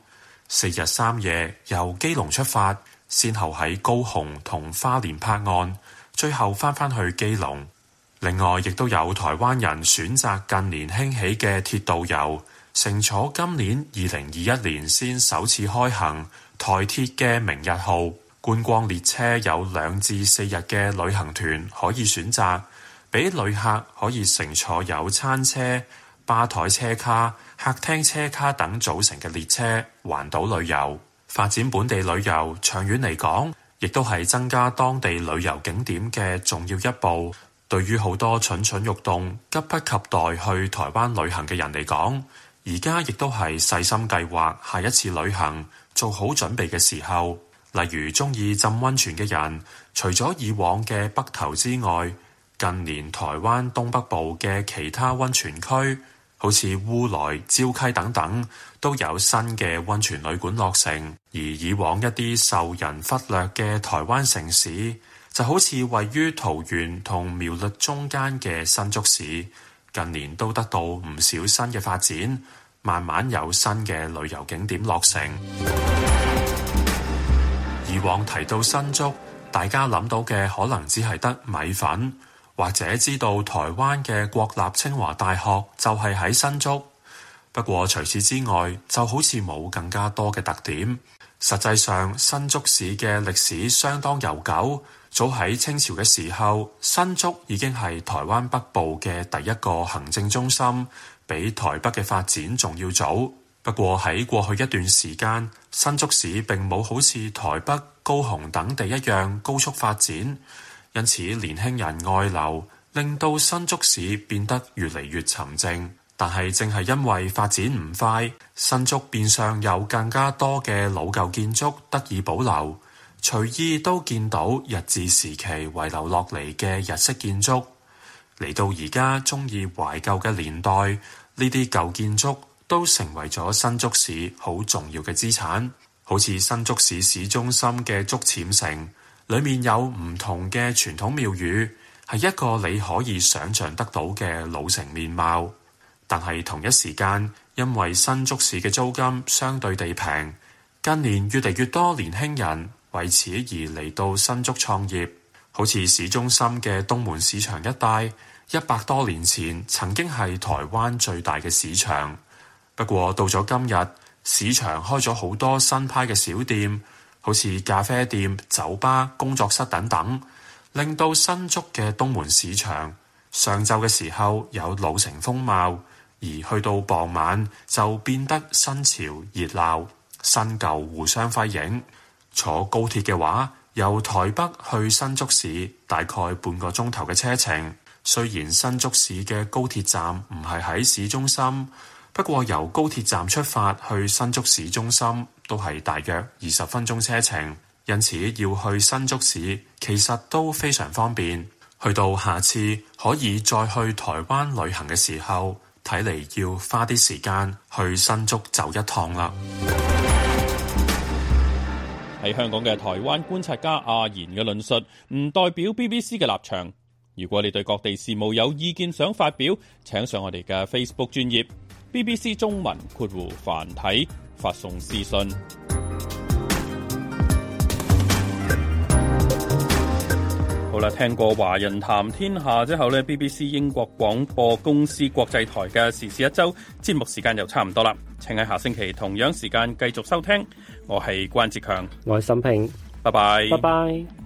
四日三夜由基隆出發，先後喺高雄同花蓮泊岸，最後翻返去基隆。另外，亦都有台灣人選擇近年興起嘅鐵道遊，乘坐今年二零二一年先首次開行台鐵嘅明日號。觀光列車有兩至四日嘅旅行團可以選擇，俾旅客可以乘坐有餐車、吧台車卡、客廳車卡等組成嘅列車環島旅遊。發展本地旅遊，長遠嚟講，亦都係增加當地旅遊景點嘅重要一步。對於好多蠢蠢欲動、急不及待去台灣旅行嘅人嚟講，而家亦都係細心計劃下一次旅行，做好準備嘅時候。例如中意浸溫泉嘅人，除咗以往嘅北投之外，近年台灣東北部嘅其他溫泉區，好似烏來、礁溪等等，都有新嘅溫泉旅館落成。而以往一啲受人忽略嘅台灣城市，就好似位於桃園同苗栗中間嘅新竹市，近年都得到唔少新嘅發展，慢慢有新嘅旅遊景點落成。 以往提到新竹，大家諗到嘅可能只係得米粉，或者知道台灣嘅國立清華大學就係喺新竹。不過除此之外，就好似冇更加多嘅特點。實際上，新竹市嘅歷史相當悠久，早喺清朝嘅時候，新竹已經係台灣北部嘅第一個行政中心，比台北嘅發展仲要早。不過喺過去一段時間，新竹市並冇好似台北、高雄等地一樣高速發展，因此年輕人外流，令到新竹市變得越嚟越沉靜。但係正係因為發展唔快，新竹變相有更加多嘅老舊建築得以保留，隨意都見到日治時期遺留落嚟嘅日式建築。嚟到而家中意懷舊嘅年代，呢啲舊建築，都成為咗新竹市好重要嘅資產，好似新竹市市中心嘅竹塹城，裏面有唔同嘅傳統廟宇，係一個你可以想象得到嘅老城面貌。但係同一時間，因為新竹市嘅租金相對地平，近年越嚟越多年輕人為此而嚟到新竹創業，好似市中心嘅東門市場一帶，一百多年前曾經係台灣最大嘅市場。不過到咗今日，市場開咗好多新派嘅小店，好似咖啡店、酒吧、工作室等等，令到新竹嘅東門市場上晝嘅時候有老城風貌，而去到傍晚就變得新潮熱鬧，新舊互相輝映。坐高鐵嘅話，由台北去新竹市大概半個鐘頭嘅車程。雖然新竹市嘅高鐵站唔係喺市中心。不過由高鐵站出發去新竹市中心都係大約二十分鐘車程，因此要去新竹市其實都非常方便。去到下次可以再去台灣旅行嘅時候，睇嚟要花啲時間去新竹走一趟啦。喺香港嘅台灣觀察家阿賢嘅論述唔代表 BBC 嘅立場。如果你對各地事務有意見想發表，請上我哋嘅 Facebook 專頁。BBC 中文括弧繁體，發送私信。好啦，聽過華人談天下之後呢，BBC 英國廣播公司國際台嘅時事一周節目時間又差唔多啦，請喺下星期同樣時間繼續收聽。我係關智強，我係沈平，拜拜，拜拜。